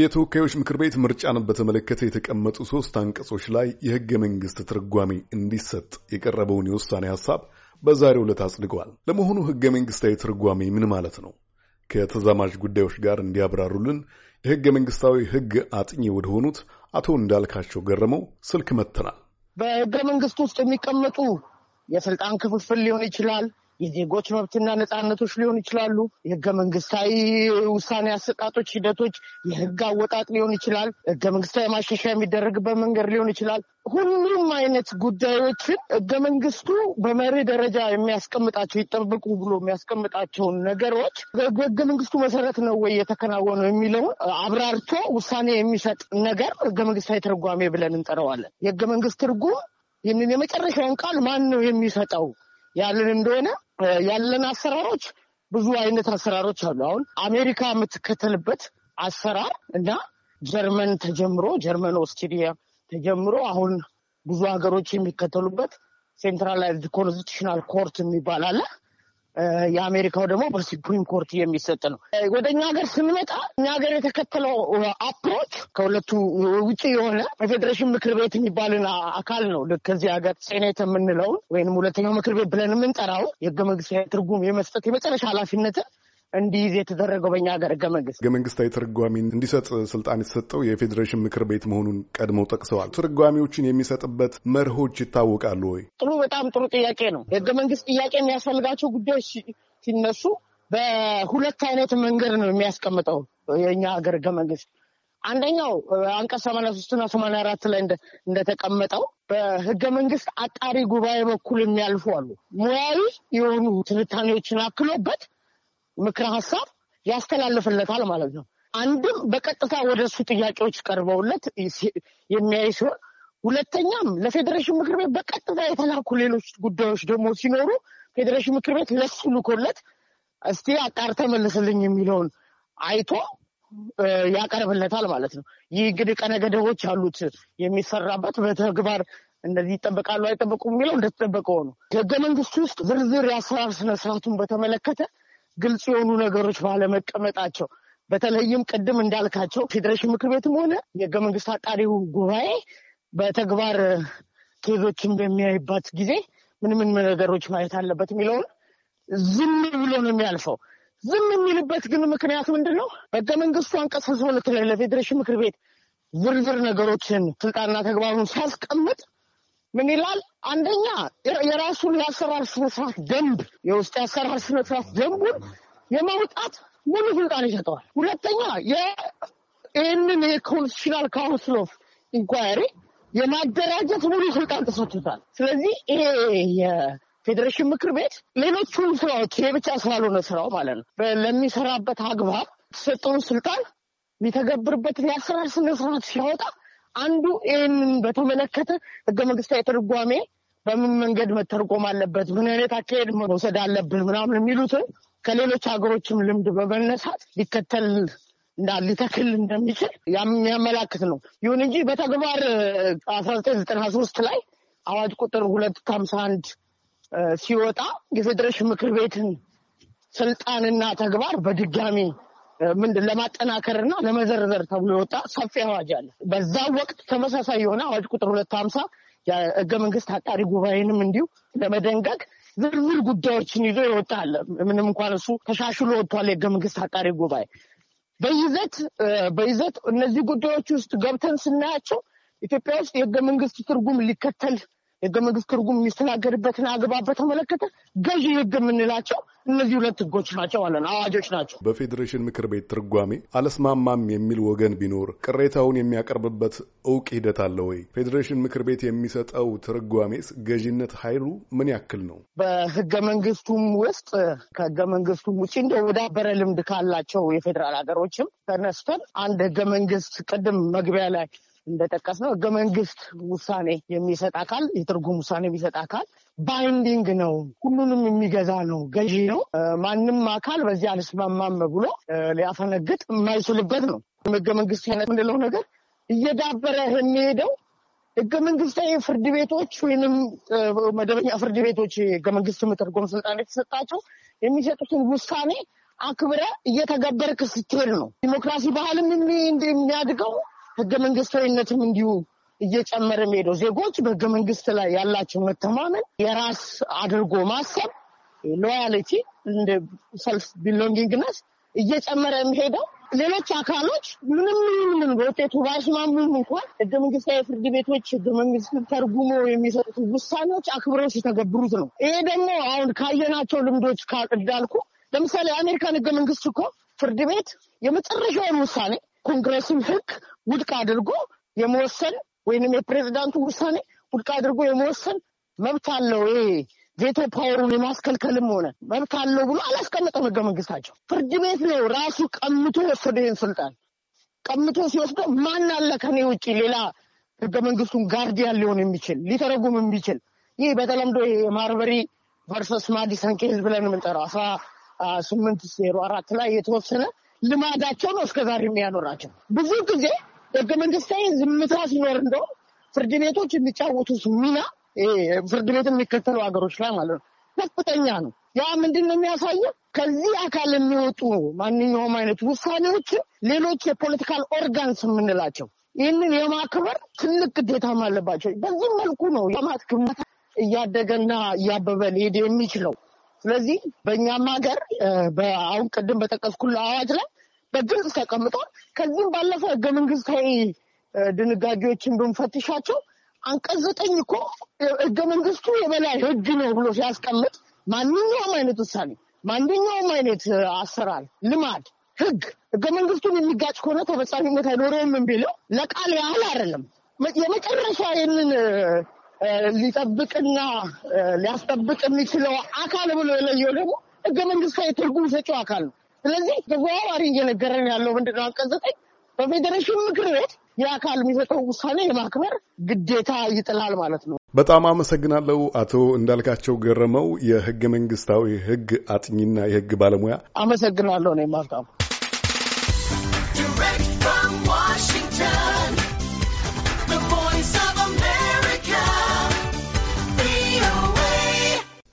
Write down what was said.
የተወካዮች ምክር ቤት ምርጫን በተመለከተ የተቀመጡ ሶስት አንቀጾች ላይ የህገ መንግስት ትርጓሜ እንዲሰጥ የቀረበውን የውሳኔ ሀሳብ በዛሬው ዕለት አጽድቀዋል። ለመሆኑ ህገ መንግስታዊ ትርጓሜ ምን ማለት ነው? ከተዛማጅ ጉዳዮች ጋር እንዲያብራሩልን የህገ መንግስታዊ ህግ አጥኚ ወደሆኑት አቶ እንዳልካቸው ገረመው ስልክ መትናል። በህገ መንግስት ውስጥ የሚቀመጡ የስልጣን ክፍፍል ሊሆን ይችላል፣ የዜጎች መብትና ነፃነቶች ሊሆን ይችላሉ። የህገ መንግስታዊ ውሳኔ አሰጣጦች ሂደቶች፣ የህግ አወጣጥ ሊሆን ይችላል። ህገ መንግስታዊ ማሻሻያ የሚደረግበት መንገድ ሊሆን ይችላል። ሁሉም አይነት ጉዳዮችን ህገ መንግስቱ በመሪ ደረጃ የሚያስቀምጣቸው ይጠብቁ ብሎ የሚያስቀምጣቸውን ነገሮች በህገ መንግስቱ መሰረት ነው ወይ የተከናወነው የሚለውን አብራርቶ ውሳኔ የሚሰጥ ነገር ህገ መንግስታዊ ትርጓሜ ብለን እንጠራዋለን። የህገ መንግስት ትርጉም ይህንን የመጨረሻውን ቃል ማን ነው የሚሰጠው ያለን እንደሆነ ያለን አሰራሮች ብዙ አይነት አሰራሮች አሉ። አሁን አሜሪካ የምትከተልበት አሰራር እና ጀርመን ተጀምሮ ጀርመን ኦስትሪያ ተጀምሮ አሁን ብዙ ሀገሮች የሚከተሉበት ሴንትራላይዝድ ኮንስቲቱሽናል ኮርት የሚባል አለ። የአሜሪካው ደግሞ በሱፕሪም ኮርት የሚሰጥ ነው። ወደ እኛ ሀገር ስንመጣ እኛ ሀገር የተከተለው አፕሮች ከሁለቱ ውጭ የሆነ የፌዴሬሽን ምክር ቤት የሚባልን አካል ነው። ልክ ከዚህ ሀገር ሴኔት የምንለውን ወይም ሁለተኛው ምክር ቤት ብለን የምንጠራው የህገ መንግስት ትርጉም የመስጠት የመጨረሻ ኃላፊነትን እንዲይዝ የተደረገው በእኛ ሀገር ህገ መንግስት ህገ መንግስታዊ ትርጓሜን እንዲሰጥ ስልጣን የተሰጠው የፌዴሬሽን ምክር ቤት መሆኑን ቀድመው ጠቅሰዋል። ትርጓሜዎችን የሚሰጥበት መርሆች ይታወቃሉ ወይ? ጥሩ በጣም ጥሩ ጥያቄ ነው። የህገ መንግስት ጥያቄ የሚያስፈልጋቸው ጉዳዮች ሲነሱ በሁለት አይነት መንገድ ነው የሚያስቀምጠው የእኛ ሀገር ህገ መንግስት። አንደኛው አንቀጽ ሰማንያ ሶስትና ሰማንያ አራት ላይ እንደተቀመጠው በህገ መንግስት አጣሪ ጉባኤ በኩል የሚያልፉ አሉ። ሙያዊ የሆኑ ትንታኔዎችን አክሎበት ምክረ ሀሳብ ያስተላልፍለታል ማለት ነው። አንድም በቀጥታ ወደ እሱ ጥያቄዎች ቀርበውለት የሚያይ ሲሆን ሁለተኛም ለፌዴሬሽን ምክር ቤት በቀጥታ የተላኩ ሌሎች ጉዳዮች ደግሞ ሲኖሩ ፌዴሬሽን ምክር ቤት ለሱ ልኮለት እስቲ አጣርተህ መልስልኝ የሚለውን አይቶ ያቀርብለታል ማለት ነው። ይህ እንግዲህ ቀነ ገደቦች አሉት የሚሰራበት በተግባር እነዚህ ይጠበቃሉ አይጠበቁም የሚለው እንደተጠበቀው ነው። ህገ መንግስቱ ውስጥ ዝርዝር የአሰራር ስነስርዓቱን በተመለከተ ግልጽ የሆኑ ነገሮች ባለመቀመጣቸው በተለይም ቅድም እንዳልካቸው ፌዴሬሽን ምክር ቤትም ሆነ የህገ መንግስት አጣሪው ጉባኤ በተግባር ኬዞችን በሚያይባት ጊዜ ምን ምን ነገሮች ማየት አለበት የሚለውን ዝም ብሎ ነው የሚያልፈው። ዝም የሚልበት ግን ምክንያት ምንድን ነው? በህገ መንግስቱ አንቀጽ ሁለት ላይ ለፌዴሬሽን ምክር ቤት ዝርዝር ነገሮችን ስልጣንና ተግባሩን ሲያስቀምጥ ምን ይላል? አንደኛ የራሱን የአሰራር ስነስርዓት ደንብ የውስጥ የአሰራር ስነስርዓት ደንቡን የማውጣት ሙሉ ስልጣን ይሰጠዋል። ሁለተኛ ይህንን የኮንስቲቱሽናል ካውንስል ኦፍ ኢንኳሪ የማደራጀት ሙሉ ስልጣን ተሰጥቶታል። ስለዚህ ይሄ የፌዴሬሽን ምክር ቤት ሌሎቹን ስራዎች ይሄ ብቻ ስላልሆነ ስራው ማለት ነው ለሚሰራበት አግባብ የተሰጠውን ስልጣን የሚተገብርበትን የአሰራር ስነስርዓት ሲያወጣ አንዱ ይህንን በተመለከተ ህገ መንግስታዊ ትርጓሜ በምን መንገድ መተርጎም አለበት፣ ምን አይነት አካሄድ መውሰድ አለብን ምናምን የሚሉትን ከሌሎች ሀገሮችም ልምድ በመነሳት ሊከተል እና ሊተክል እንደሚችል የሚያመላክት ነው። ይሁን እንጂ በተግባር አስራ ዘጠኝ ዘጠና ሶስት ላይ አዋጅ ቁጥር ሁለት ከሀምሳ አንድ ሲወጣ የፌዴሬሽን ምክር ቤትን ስልጣንና ተግባር በድጋሚ ምንድን ለማጠናከርና ለመዘርዘር ተብሎ የወጣ ሰፊ አዋጅ አለ። በዛ ወቅት ተመሳሳይ የሆነ አዋጅ ቁጥር ሁለት ሀምሳ የህገ መንግስት አጣሪ ጉባኤንም እንዲሁ ለመደንገግ ዝርዝር ጉዳዮችን ይዞ የወጣ አለ። ምንም እንኳን እሱ ተሻሽሎ ወጥቷል። የህገ መንግስት አጣሪ ጉባኤ በይዘት በይዘት እነዚህ ጉዳዮች ውስጥ ገብተን ስናያቸው ኢትዮጵያ ውስጥ የህገ መንግስት ትርጉም ሊከተል የህገ መንግስት ትርጉም የሚስተናገድበትን አግባብ በተመለከተ ገዢ ህግ የምንላቸው እነዚህ ሁለት ህጎች ናቸው አለን፣ አዋጆች ናቸው። በፌዴሬሽን ምክር ቤት ትርጓሜ አለስማማም የሚል ወገን ቢኖር ቅሬታውን የሚያቀርብበት እውቅ ሂደት አለ ወይ? ፌዴሬሽን ምክር ቤት የሚሰጠው ትርጓሜስ ገዢነት ኃይሉ ምን ያክል ነው? በህገ መንግስቱም ውስጥ ከህገ መንግስቱም ውጭ እንደ ወዳበረ ልምድ ካላቸው የፌዴራል ሀገሮችም ተነስተን አንድ ህገ መንግስት ቅድም መግቢያ ላይ እንደጠቀስ ነው ህገ መንግስት ውሳኔ የሚሰጥ አካል የትርጉም ውሳኔ የሚሰጥ አካል ባይንዲንግ ነው፣ ሁሉንም የሚገዛ ነው፣ ገዢ ነው። ማንም አካል በዚህ አልስማማም ብሎ ሊያፈነግጥ የማይችልበት ነው። ህገ መንግስት ምንለው ነገር እየዳበረ የሚሄደው ህገ መንግስታዊ ፍርድ ቤቶች ወይንም መደበኛ ፍርድ ቤቶች ህገ መንግስት መተርጎም ስልጣን የተሰጣቸው የሚሰጡትን ውሳኔ አክብረ እየተገበርክ ስትሄድ ነው። ዲሞክራሲ ባህልም የሚያድገው ህገ መንግስታዊነትም እንዲሁ እየጨመረ ሄደው ዜጎች በህገ መንግስት ላይ ያላቸው መተማመን፣ የራስ አድርጎ ማሰብ፣ ሎያሊቲ እንደ ሰልፍ ቢሎንጊንግነስ እየጨመረ ሄደው ሌሎች አካሎች ምንም ምንም በውጤቱ ባይስማሙም እንኳን ህገ መንግስታዊ ፍርድ ቤቶች ህገ መንግስት ተርጉሞ የሚሰጡት ውሳኔዎች አክብረው ሲተገብሩት ነው። ይሄ ደግሞ አሁን ካየናቸው ልምዶች እንዳልኩ ለምሳሌ የአሜሪካን ህገ መንግስት እኮ ፍርድ ቤት የመጨረሻውን ውሳኔ ኮንግረስም ህግ ውድቅ አድርጎ የመወሰን ወይንም የፕሬዚዳንቱ ውሳኔ ውድቅ አድርጎ የመወሰን መብት አለው። ይሄ ቬቶ ፓወሩን የማስከልከልም ሆነ መብት አለው ብሎ አላስቀመጠም ህገ መንግስታቸው። ፍርድ ቤት ነው ራሱ ቀምቶ የወሰደው ይህን ስልጣን ቀምቶ ሲወስደው ማን አለ ከኔ ውጭ ሌላ ህገ መንግስቱን ጋርዲያን ሊሆን የሚችል ሊተረጉም የሚችል ይህ በተለምዶ የማርበሪ ቨርሰስ ማዲሰን ኬዝ ብለን የምንጠራው አስራ ስምንት ዜሮ አራት ላይ የተወሰነ ልማዳቸው ነው እስከዛሬ የሚያኖራቸው ብዙ ጊዜ ህገ መንግስታዊ ዝምታ ሲኖር እንደው ፍርድ ቤቶች የሚጫወቱት ሚና ፍርድ ቤት የሚከተሉ ሀገሮች ላይ ማለት ነው ከፍተኛ ነው። ያ ምንድን ነው የሚያሳየው? ከዚህ አካል የሚወጡ ማንኛውም አይነት ውሳኔዎች ሌሎች የፖለቲካል ኦርጋንስ የምንላቸው ይህንን የማክበር ትልቅ ግዴታም አለባቸው። በዚህ መልኩ ነው የማት ግንባታ እያደገና እያበበ ሊሄድ የሚችለው። ስለዚህ በእኛም ሀገር አሁን ቅድም በጠቀስኩት አዋጅ ላይ በግልጽ ተቀምጧል። ከዚህም ባለፈ ህገ መንግስታዊ ድንጋጌዎችን ብንፈትሻቸው አንቀጽ ዘጠኝ እኮ ህገ መንግስቱ የበላይ ህግ ነው ብሎ ሲያስቀምጥ ማንኛውም አይነት ውሳኔ፣ ማንኛውም አይነት አሰራር፣ ልማድ፣ ህግ ህገ መንግስቱን የሚጋጭ ከሆነ ተፈጻሚነት አይኖረውም ቢለው ለቃል ያህል አይደለም። የመጨረሻ ይህንን ሊጠብቅና ሊያስጠብቅ የሚችለው አካል ብሎ የለየው ደግሞ ህገ መንግስታዊ ትርጉም ሰጪው አካል ነው። ስለዚህ ተዘዋዋሪ እየነገረን ያለው ምንድነው አንቀጽ ዘጠኝ በፌዴሬሽን ምክር ቤት የአካል የሚሰጠው ውሳኔ የማክበር ግዴታ ይጥላል ማለት ነው። በጣም አመሰግናለሁ አቶ እንዳልካቸው ገረመው የህገ መንግስታዊ ህግ አጥኚና የህግ ባለሙያ። አመሰግናለሁ። ማልካም